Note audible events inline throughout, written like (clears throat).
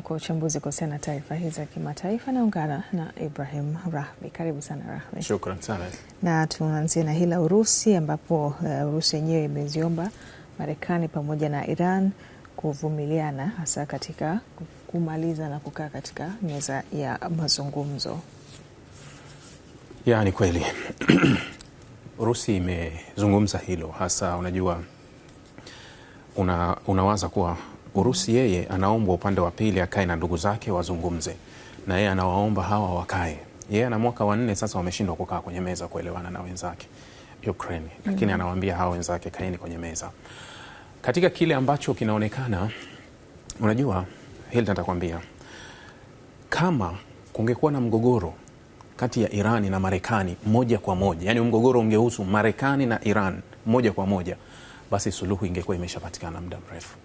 Kwa uchambuzi kuhusiana na taarifa hizi za kimataifa, naungana na Ibrahim Rahmi, Karibu sana Rahmi. Shukran sana. Na tunaanzia na hili la Urusi, ambapo eh, Urusi yenyewe imeziomba Marekani pamoja na Iran kuvumiliana, hasa katika kumaliza na kukaa katika meza ya mazungumzo. Ya, ni kweli (clears throat) Urusi imezungumza hilo hasa, unajua una, unawaza kuwa Urusi yeye anaombwa upande wa pili akae na ndugu zake wazungumze, na yeye anawaomba hawa wakae. Yeye ana mwaka wa nne sasa, wameshindwa kukaa kwenye meza kuelewana na wenzake Ukraine, mm. lakini mm. anawaambia hawa wenzake kaeni kwenye meza, katika kile ambacho kinaonekana. Unajua Hilda, nitakwambia kama kungekuwa na mgogoro kati ya Irani na Marekani moja kwa moja, yani mgogoro ungehusu Marekani na Iran moja kwa moja, basi suluhu ingekuwa imeshapatikana muda mrefu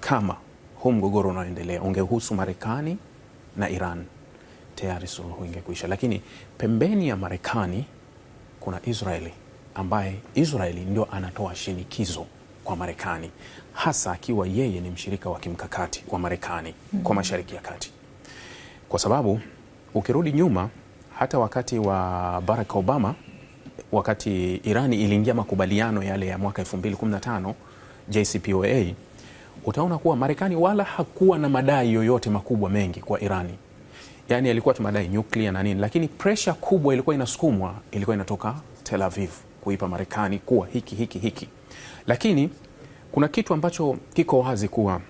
kama huu mgogoro unaoendelea ungehusu Marekani na Iran, tayari suluhu ingekuisha. Lakini pembeni ya Marekani kuna Israeli, ambaye Israeli ndio anatoa shinikizo kwa Marekani, hasa akiwa yeye ni mshirika wa kimkakati wa Marekani mm -hmm. kwa mm-hmm. Mashariki ya Kati, kwa sababu ukirudi nyuma hata wakati wa Barack Obama, wakati Irani iliingia makubaliano yale ya mwaka 2015 JCPOA utaona kuwa Marekani wala hakuwa na madai yoyote makubwa mengi kwa Irani, yani alikuwa tu madai nyuklia na nini, lakini presha kubwa ilikuwa inasukumwa, ilikuwa inatoka Tel Aviv kuipa Marekani kuwa hiki hiki hiki. Lakini kuna kitu ambacho kiko wazi kuwa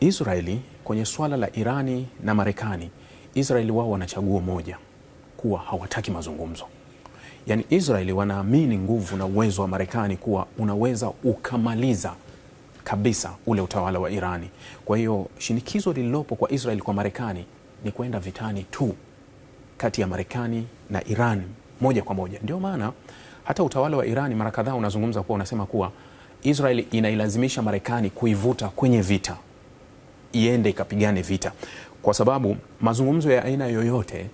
Israeli kwenye swala la Irani na Marekani, Israeli wao wanachagua moja, kuwa hawataki mazungumzo. Yani Israeli wanaamini nguvu na uwezo wa Marekani kuwa unaweza ukamaliza kabisa ule utawala wa Irani. Kwa hiyo shinikizo lililopo kwa Israel kwa Marekani ni kwenda vitani tu kati ya Marekani na Iran moja kwa moja. Ndio maana hata utawala wa Irani mara kadhaa unazungumza kuwa unasema kuwa Israel inailazimisha Marekani kuivuta kwenye vita, iende ikapigane vita, kwa sababu mazungumzo ya aina yoyote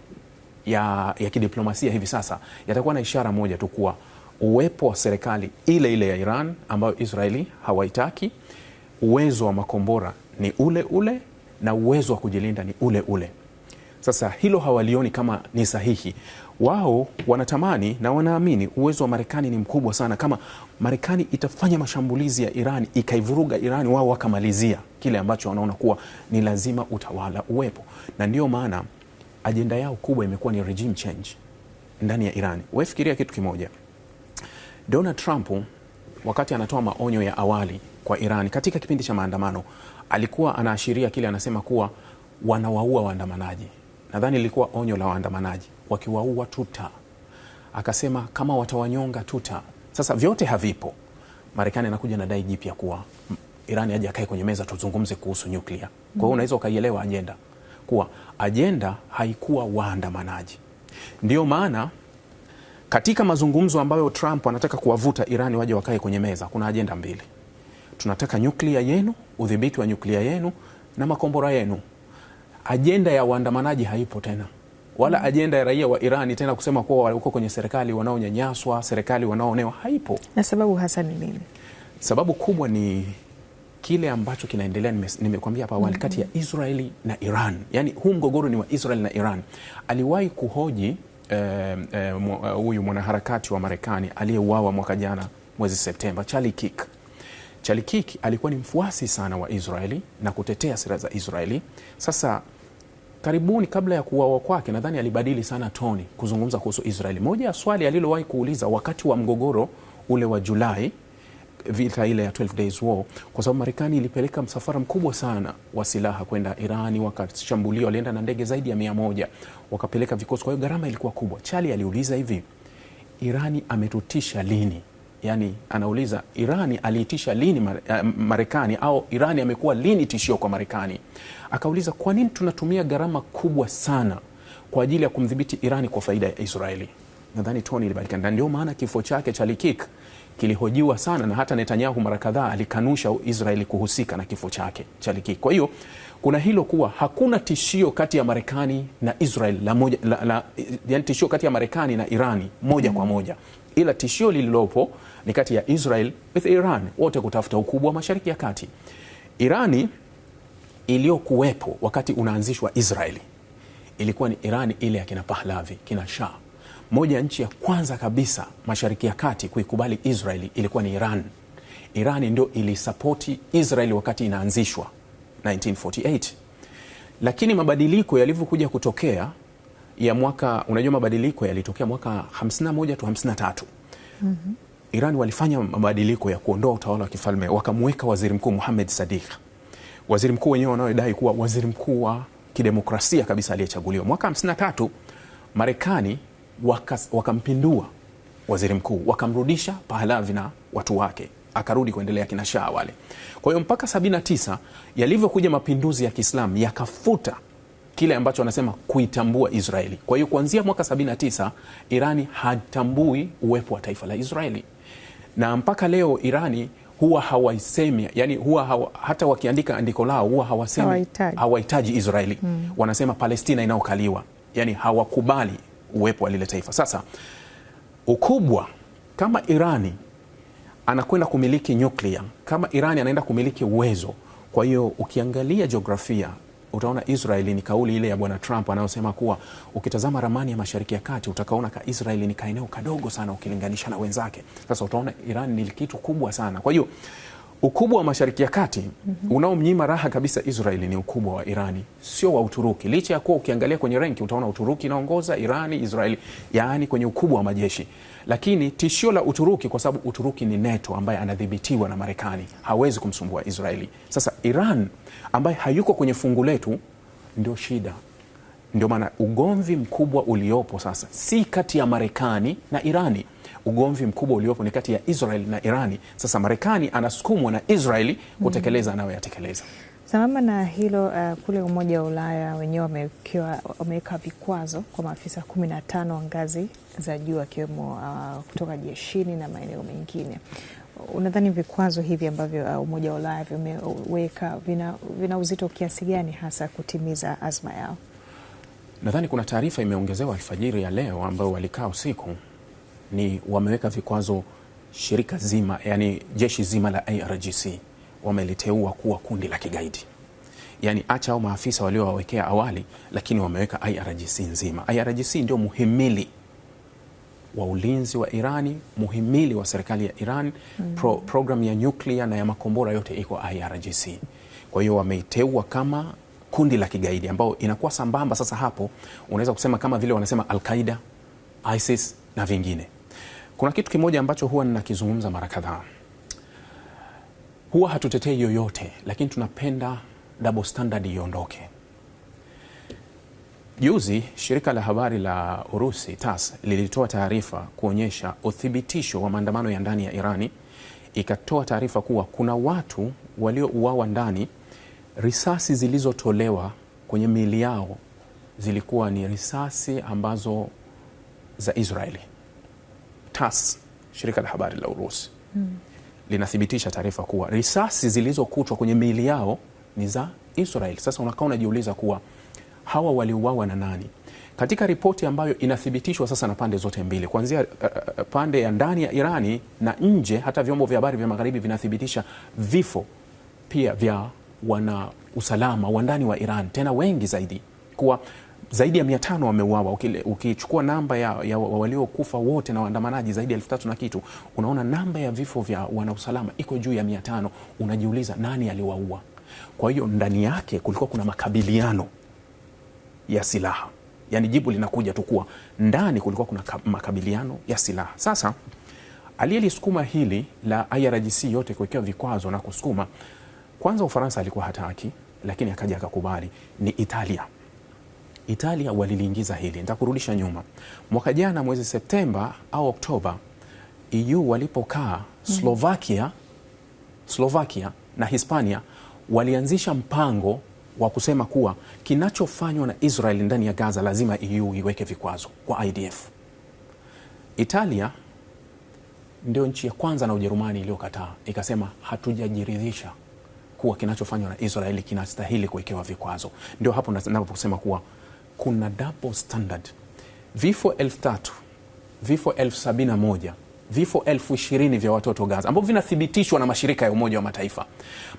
ya, ya kidiplomasia hivi sasa yatakuwa na ishara moja tu kuwa uwepo wa serikali ile ile ya Iran ambayo Israeli hawaitaki, uwezo wa makombora ni ule ule na uwezo wa kujilinda ni ule ule. Sasa hilo hawalioni kama ni sahihi. Wao wanatamani na wanaamini uwezo wa Marekani ni mkubwa sana. Kama Marekani itafanya mashambulizi ya Iran ikaivuruga Iran, wao wakamalizia kile ambacho wanaona kuwa ni lazima utawala uwepo, na ndio maana ajenda yao kubwa imekuwa ni regime change ndani ya Iran. Wefikiria kitu kimoja. Donald Trump wakati anatoa maonyo ya awali kwa Iran katika kipindi cha maandamano alikuwa anaashiria kile anasema kuwa wanawaua waandamanaji. Nadhani lilikuwa onyo la waandamanaji, wakiwaua tuta. Akasema kama watawanyonga tuta. Sasa vyote havipo. Marekani anakuja na dai jipya kuwa Iran aje akae kwenye meza tuzungumze kuhusu nyuklia. Kwa hiyo mm-hmm. unaweza ukaielewa ajenda kuwa ajenda haikuwa waandamanaji, ndio maana katika mazungumzo ambayo Trump anataka kuwavuta Irani waje wakae kwenye meza, kuna ajenda mbili. Tunataka nyuklia yenu, udhibiti wa nyuklia yenu na makombora yenu. Ajenda ya waandamanaji haipo tena, wala mm. ajenda ya raia wa Irani tena kusema kuwa walikuwa kwenye serikali wanaonyanyaswa, serikali wanaoonewa, haipo. Na sababu hasa ni nini? Sababu kubwa ni kile ambacho kinaendelea, nimekuambia hapa awali, mm. kati ya Israeli na Iran. Yani huu mgogoro ni wa Israeli na Iran. Aliwahi kuhoji eh, eh, eh, huyu mwanaharakati wa Marekani aliyeuawa mwaka jana mwezi Septemba, Charlie Kirk. Charlie Kirk alikuwa ni mfuasi sana wa Israeli na kutetea sera za Israeli. Sasa karibuni kabla ya kuuawa kwake, nadhani alibadili sana toni kuzungumza kuhusu Israeli. Moja ya swali alilowahi kuuliza wakati wa mgogoro ule wa Julai vita ile ya 12 days war, kwa sababu Marekani ilipeleka msafara mkubwa sana wa silaha kwenda Irani, wakashambulia, walienda na ndege zaidi ya mia moja, wakapeleka vikosi. Kwa hiyo gharama ilikuwa kubwa. Chali aliuliza hivi, Irani ametutisha lini? Yani anauliza Irani aliitisha lini eh, Marekani, au Irani amekuwa lini tishio kwa Marekani? Akauliza, kwa nini tunatumia gharama kubwa sana kwa ajili ya kumdhibiti Irani kwa faida ya Israeli? Nadhani Tony na ndio maana kifo chake cha Likik kilihojiwa sana na hata Netanyahu mara kadhaa alikanusha Israeli kuhusika na kifo chake cha Liki. Kwa hiyo kuna hilo kuwa hakuna tishio kati ya Marekani na Israel la moja, la, la, yani tishio kati ya Marekani na Irani moja mm. kwa moja, ila tishio lililopo ni kati ya Israel with Iran, wote kutafuta ukubwa wa Mashariki ya Kati. Irani iliyokuwepo wakati unaanzishwa Israeli ilikuwa ni Irani ile ya kina Pahlavi, kina Shah moja ya nchi ya kwanza kabisa Mashariki ya Kati kuikubali Israeli ilikuwa ni Iran. Iran ndio ilisapoti Israeli wakati inaanzishwa 1948. Lakini mabadiliko yalivyokuja kutokea ya mwaka, unajua mabadiliko yalitokea mwaka 51 tu 53. Mm -hmm. Iran walifanya mabadiliko ya kuondoa utawala wa kifalme wakamweka waziri mkuu Mohamed Sadiq, waziri mkuu wenyewe wanaodai kuwa waziri mkuu wa kidemokrasia kabisa aliyechaguliwa mwaka 53. Marekani wakampindua wakampindua waziri mkuu wakamrudisha Pahlavi na watu wake akarudi kuendelea kina Shah wale. Kwa hiyo mpaka 79 yalivyokuja mapinduzi ya Kiislamu yakafuta kile ambacho wanasema kuitambua Israeli. Kwa hiyo kuanzia mwaka 79 Irani hatambui uwepo wa taifa la Israeli, na mpaka leo Irani huwa hawaisemi, yani huwa hawa, hata wakiandika andiko lao huwa hawasemi hawahitaji Israeli mm. Wanasema Palestina inayokaliwa, yani hawakubali uwepo wa lile taifa. Sasa ukubwa kama Irani anakwenda kumiliki nyuklia, kama Irani anaenda kumiliki uwezo. Kwa hiyo ukiangalia jiografia utaona Israeli ni kauli ile ya bwana Trump anayosema kuwa ukitazama ramani ya Mashariki ya Kati utakaona ka Israeli ni kaeneo kadogo sana ukilinganisha na wenzake. Sasa utaona iran ni kitu kubwa sana, kwa hiyo Ukubwa wa Mashariki ya Kati mm -hmm. unaomnyima raha kabisa Israeli ni ukubwa wa Irani, sio wa Uturuki, licha ya kuwa ukiangalia kwenye renki utaona Uturuki inaongoza, Irani, Israeli, yaani kwenye ukubwa wa majeshi. Lakini tishio la Uturuki, kwa sababu Uturuki ni NATO ambaye anadhibitiwa na Marekani, hawezi kumsumbua Israeli. Sasa Iran ambaye hayuko kwenye fungu letu ndio shida. Ndio maana ugomvi mkubwa uliopo sasa si kati ya Marekani na Irani. Ugomvi mkubwa uliopo ni kati ya Israeli na Irani. Sasa Marekani anasukumwa na Israeli kutekeleza anayoyatekeleza. Sambamba na hilo uh, kule Umoja wa Ulaya wenyewe wameweka vikwazo kwa maafisa kumi na tano wa ngazi za juu akiwemo uh, kutoka jeshini na maeneo mengine. Unadhani vikwazo hivi ambavyo uh, Umoja wa Ulaya vimeweka vina, vina uzito kiasi gani hasa kutimiza azma yao? Nadhani kuna taarifa imeongezewa alfajiri ya leo ambayo walikaa usiku, ni wameweka vikwazo shirika zima, yani jeshi zima la IRGC wameliteua kuwa kundi la kigaidi. Yani acha au maafisa waliowawekea awali, lakini wameweka IRGC nzima. IRGC ndio muhimili wa ulinzi wa Irani, muhimili wa serikali ya Iran mm. Pro, programu ya nyuklia na ya makombora yote iko IRGC. Kwa hiyo wameiteua kama kundi la kigaidi ambao inakuwa sambamba sasa. Hapo unaweza kusema kama vile wanasema Alqaida, ISIS na vingine. Kuna kitu kimoja ambacho huwa ninakizungumza mara kadhaa, huwa hatutetei yoyote, lakini tunapenda double standard iondoke. Juzi shirika la habari la Urusi TAS lilitoa taarifa kuonyesha uthibitisho wa maandamano ya ndani ya Irani, ikatoa taarifa kuwa kuna watu waliouawa ndani Risasi zilizotolewa kwenye miili yao zilikuwa ni risasi ambazo za Israeli. TASS, shirika la habari la Urusi, hmm, linathibitisha taarifa kuwa risasi zilizokutwa kwenye miili yao ni za Israeli. Sasa unakaa unajiuliza kuwa hawa waliuawa na nani? Katika ripoti ambayo inathibitishwa sasa na pande zote mbili, kuanzia uh, pande ya ndani ya Irani na nje, hata vyombo vya habari vya magharibi vinathibitisha vifo pia vya wana usalama wa ndani wa Iran, tena wengi zaidi, kuwa zaidi ya mia tano wameuawa. Ukichukua namba ya, ya waliokufa wote na waandamanaji zaidi ya elfu tatu na kitu, unaona namba ya vifo vya wanausalama iko juu ya mia tano. Unajiuliza nani aliwaua? Kwa hiyo ndani yake kulikuwa kuna makabiliano ya silaha, yani jibu linakuja tu kuwa ndani kulikuwa kuna makabiliano ya silaha. Sasa aliyelisukuma hili la IRGC yote kuwekewa vikwazo na kusukuma kwanza Ufaransa alikuwa hataki, lakini akaja akakubali. Ni Italia. Italia waliliingiza hili. Nitakurudisha nyuma mwaka jana mwezi Septemba au Oktoba, EU walipokaa mm-hmm. Slovakia, Slovakia na Hispania walianzisha mpango wa kusema kuwa kinachofanywa na Israel ndani ya Gaza lazima EU iweke vikwazo kwa IDF. Italia ndio nchi ya kwanza na Ujerumani iliyokataa ikasema hatujajiridhisha kuwa kinachofanywa na Israeli kinastahili kuwekewa vikwazo. Ndio hapo ninaposema kuwa kuna double standard. Vifo elfu tatu vifo elfu sabini na moja vifo elfu ishirini vya watoto Gaza ambavyo vinathibitishwa na mashirika ya Umoja wa Mataifa.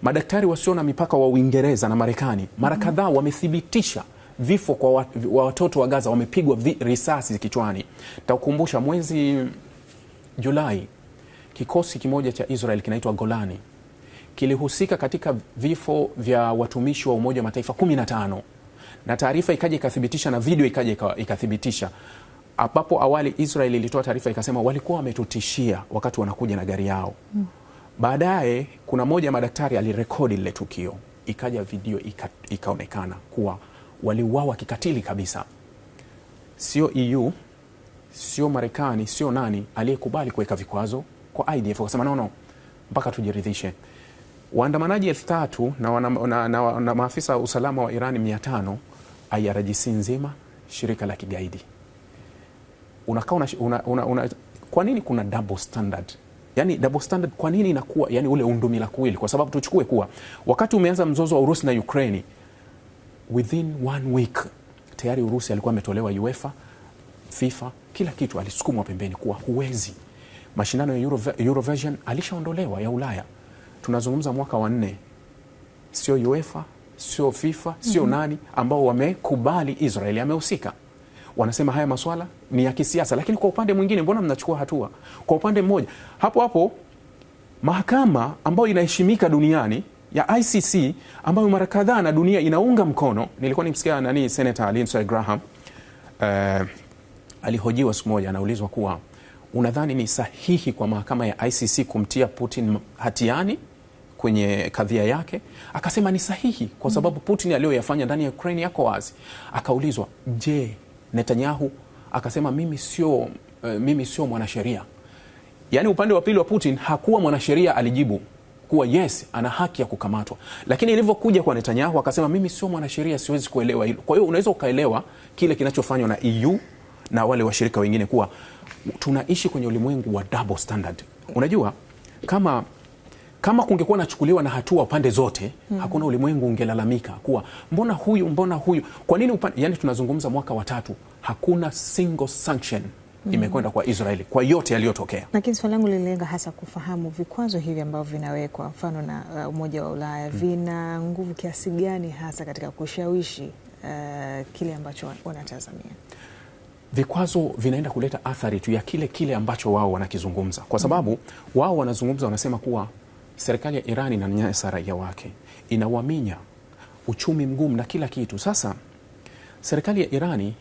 Madaktari wasio na mipaka wa Uingereza na Marekani mara mm-hmm. kadhaa wamethibitisha vifo kwa watoto wa Gaza wamepigwa risasi kichwani. Takukumbusha mwezi Julai, kikosi kimoja cha Israel kinaitwa Golani kilihusika katika vifo vya watumishi wa Umoja wa Mataifa 15 na taarifa ikaja ikathibitisha na video ikaja ikathibitisha, ambapo awali Israel ilitoa taarifa ikasema walikuwa wametutishia wakati wanakuja na gari yao. Mm. Baadaye kuna moja madaktari alirekodi lile tukio, ikaja video ika, ikaonekana kuwa waliuawa kikatili kabisa. Sio EU sio Marekani sio nani aliyekubali kuweka vikwazo kwa IDF, akasema no, no mpaka tujiridhishe. Waandamanaji elfu tatu na, na, na, na, na maafisa wa usalama wa Irani mia tano IRGC nzima shirika la kigaidi unakaa una, una, una, kwa nini kuna double standard? Yani double standard kwa nini inakuwa yani ule undumila kuwili? Kwa sababu tuchukue kuwa wakati umeanza mzozo wa Urusi na Ukraini, within one week tayari Urusi alikuwa ametolewa UEFA, FIFA, kila kitu, alisukumwa pembeni kuwa huwezi mashindano ya Eurovision alishaondolewa ya Ulaya tunazungumza mwaka wa nne, sio UEFA, sio FIFA, sio mm -hmm. nani ambao wamekubali Israeli amehusika wanasema haya maswala ni ya kisiasa, lakini kwa upande mwingine, mbona mnachukua hatua? Kwa upande mmoja, hapo hapo mahakama ambayo inaheshimika duniani ya ICC ambayo mara kadhaa na dunia inaunga mkono. Nilikuwa nimsikia nani, Senator Lindsey Graham eh, alihojiwa siku moja, anaulizwa kuwa unadhani ni sahihi kwa mahakama ya ICC kumtia Putin hatiani kwenye kadhia yake, akasema ni sahihi kwa sababu Putin aliyoyafanya ndani ya Ukraine yako wazi. Akaulizwa, je, Netanyahu? Akasema mimi sio, eh, mimi sio mwanasheria. Yaani upande wa pili wa Putin hakuwa mwanasheria, alijibu kuwa yes ana haki ya kukamatwa, lakini ilivyokuja kwa Netanyahu akasema mimi sio mwanasheria, siwezi kuelewa hilo. Kwa hiyo unaweza ukaelewa kile kinachofanywa na EU na wale washirika wengine kuwa tunaishi kwenye ulimwengu wa double standard. Unajua kama kama kungekuwa nachukuliwa na hatua pande zote mm. hakuna ulimwengu ungelalamika kuwa mbona huyu mbona huyu kwa nini upande, yani tunazungumza mwaka wa tatu, hakuna single sanction mm. imekwenda kwa Israeli kwa yote yaliyotokea. Lakini swali langu lililenga hasa kufahamu vikwazo hivi ambavyo vinawekwa mfano na uh, Umoja wa Ulaya hmm. vina nguvu kiasi gani hasa katika kushawishi uh, kile ambacho wanatazamia vikwazo vinaenda kuleta athari tu ya kile kile ambacho wao wanakizungumza, kwa hmm. sababu wao wanazungumza, wanasema kuwa serikali ya Iran inanyanyasa raia wake, inawaminya uchumi mgumu na kila kitu. Sasa serikali ya Irani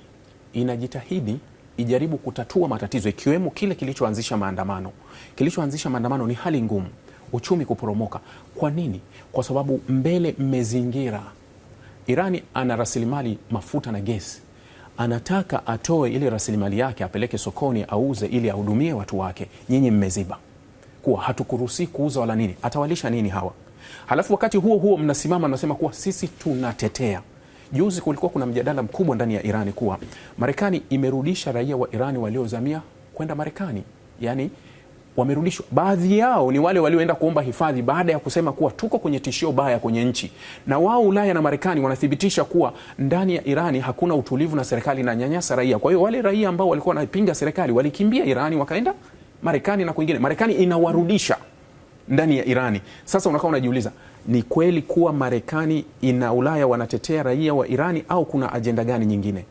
inajitahidi ijaribu kutatua matatizo ikiwemo kile kilichoanzisha maandamano. Kilichoanzisha maandamano ni hali ngumu, uchumi kuporomoka. Kwa nini? Kwa sababu mbele mmezingira. Irani ana rasilimali mafuta na gesi, anataka atoe ile rasilimali yake apeleke sokoni auze ili ahudumie watu wake, nyinyi mmeziba kuwa hatukuruhusi kuuza wala nini, atawalisha nini hawa? Halafu wakati huo huo mnasimama nasema kuwa sisi tunatetea. Juzi kulikuwa kuna mjadala mkubwa ndani ya Irani kuwa Marekani imerudisha raia wa Irani waliozamia kwenda Marekani, yani wamerudishwa baadhi yao ni wale walioenda kuomba hifadhi baada ya kusema kuwa tuko kwenye tishio baya kwenye nchi, na wao Ulaya na Marekani wanathibitisha kuwa ndani ya Irani hakuna utulivu na serikali inanyanyasa raia. Kwa hiyo wale raia ambao walikuwa wanapinga serikali walikimbia Irani wakaenda Marekani na kwingine. Marekani inawarudisha ndani ya Irani. Sasa unakaa unajiuliza, ni kweli kuwa Marekani ina Ulaya wanatetea raia wa Irani au kuna ajenda gani nyingine?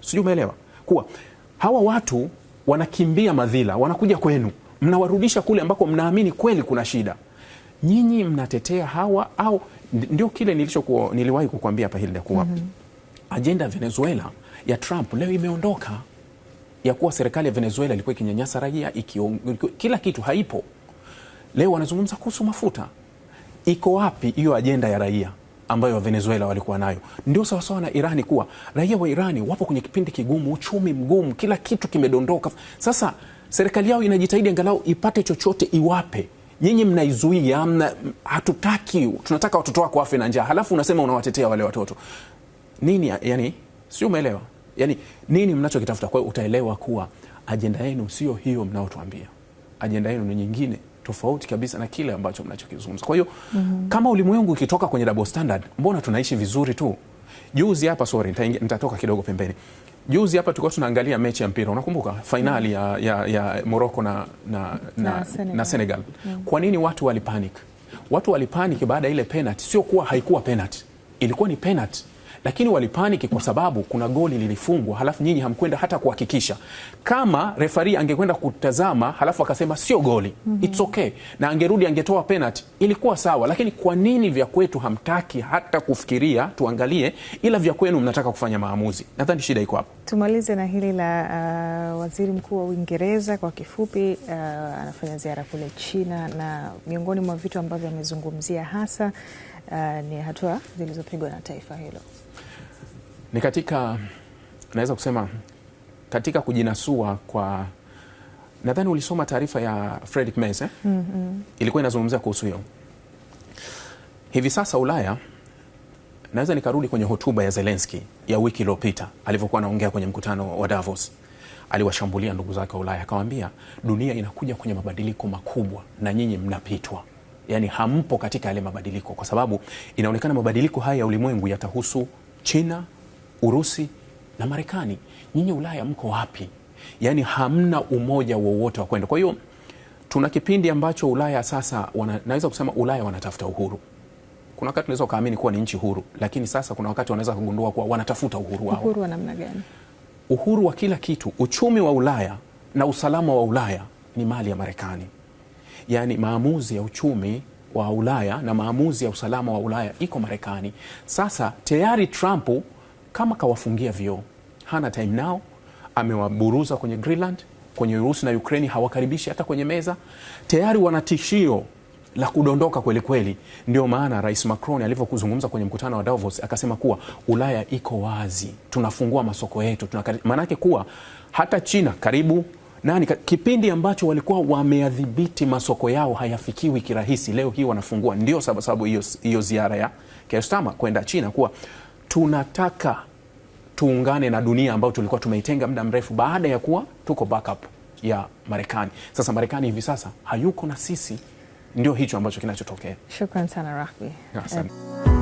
Sijui umeelewa, kuwa hawa watu wanakimbia madhila, wanakuja kwenu, mnawarudisha kule ambako mnaamini kweli kuna shida, nyinyi mnatetea hawa au ndio kile nilichokuwa niliwahi kukuambia hapa Hilda kuwa mm -hmm. ajenda ya Venezuela ya Trump leo imeondoka ya kuwa serikali ya Venezuela ilikuwa ikinyanyasa raia, kila kitu haipo. Leo wanazungumza kuhusu mafuta. Iko wapi hiyo ajenda ya raia ambayo Venezuela walikuwa nayo? Ndio sawasawa na Irani, kuwa raia wa Irani wapo kwenye kipindi kigumu, uchumi mgumu, kila kitu kimedondoka. Sasa serikali yao inajitahidi angalau ipate chochote iwape nyinyi mnaizuia mna, hatutaki, tunataka watoto wako wafe na njaa, halafu unasema unawatetea wale watoto nini? Yani sio, umeelewa? yani nini mnachokitafuta. Kwa hiyo utaelewa kuwa ajenda yenu sio hiyo mnayotuambia, ajenda yenu ni nyingine tofauti kabisa na kile ambacho mnachokizungumza. Kwa hiyo mm -hmm. kama ulimwengu ukitoka kwenye double standard, mbona tunaishi vizuri tu? Juzi hapa sorry, nitatoka kidogo pembeni. Juzi hapa tulikuwa tunaangalia mechi ya mpira, unakumbuka fainali mm -hmm. ya, mhm. ya, ya Morocco na, na, na, na Senegal, na Senegal. Mm -hmm. Kwa nini watu walipanic? Watu walipanic baada ya ile penalty, sio kuwa haikuwa penalty, ilikuwa ni penalty lakini walipaniki kwa sababu kuna goli lilifungwa, halafu nyinyi hamkwenda hata kuhakikisha. Kama refari angekwenda kutazama halafu akasema sio goli, mm -hmm. It's okay, na angerudi angetoa penalty, ilikuwa sawa. Lakini kwa nini vya kwetu hamtaki hata kufikiria tuangalie, ila vya kwenu mnataka kufanya maamuzi? Nadhani shida iko hapo. Tumalize na hili la uh, waziri mkuu wa Uingereza kwa kifupi, uh, anafanya ziara kule China na miongoni mwa vitu ambavyo amezungumzia hasa uh, ni hatua zilizopigwa na taifa hilo. Ni katika naweza kusema katika kujinasua kwa nadhani ulisoma taarifa ya Fredrik Mese eh? mm -hmm. Ilikuwa inazungumzia kuhusu hiyo. Hivi sasa Ulaya, naweza nikarudi kwenye hotuba ya Zelenski ya wiki iliyopita alivyokuwa anaongea kwenye mkutano wa Davos, aliwashambulia ndugu zake wa Ulaya akawaambia, dunia inakuja kwenye mabadiliko makubwa na nyinyi mnapitwa yani hampo katika yale mabadiliko, kwa sababu inaonekana mabadiliko haya ya ulimwengu yatahusu China, Urusi na Marekani. Nyinyi Ulaya mko wapi? Yani hamna umoja wowote wa kwenda. Kwa hiyo tuna kipindi ambacho Ulaya sasa wana, naweza kusema Ulaya wanatafuta uhuru. Kuna wakati unaweza ukaamini kuwa ni nchi huru, lakini sasa kuna wakati wanaweza kugundua kuwa wanatafuta uhuru wao. Uhuru wa namna gani? Uhuru wa kila kitu. Uchumi wa Ulaya na usalama wa Ulaya ni mali ya Marekani yani maamuzi ya uchumi wa Ulaya na maamuzi ya usalama wa Ulaya iko Marekani. Sasa tayari Trump kama kawafungia vyo hana time nao, amewaburuza kwenye Greenland, kwenye Urusi na Ukraini hawakaribishi hata kwenye meza, tayari wana tishio la kudondoka kweli kweli. Ndio maana Rais Macron alivyokuzungumza kwenye mkutano wa Davos akasema kuwa Ulaya iko wazi, tunafungua masoko yetu, maanake kuwa hata China karibu nani, kipindi ambacho walikuwa wameyadhibiti masoko yao hayafikiwi kirahisi, leo hii wanafungua. Ndio sababu hiyo ziara ya kestama kwenda China, kuwa tunataka tuungane na dunia ambayo tulikuwa tumeitenga muda mrefu, baada ya kuwa tuko backup ya Marekani. Sasa Marekani hivi sasa hayuko na sisi, ndio hicho ambacho kinachotokea. Shukran sana Rahbi.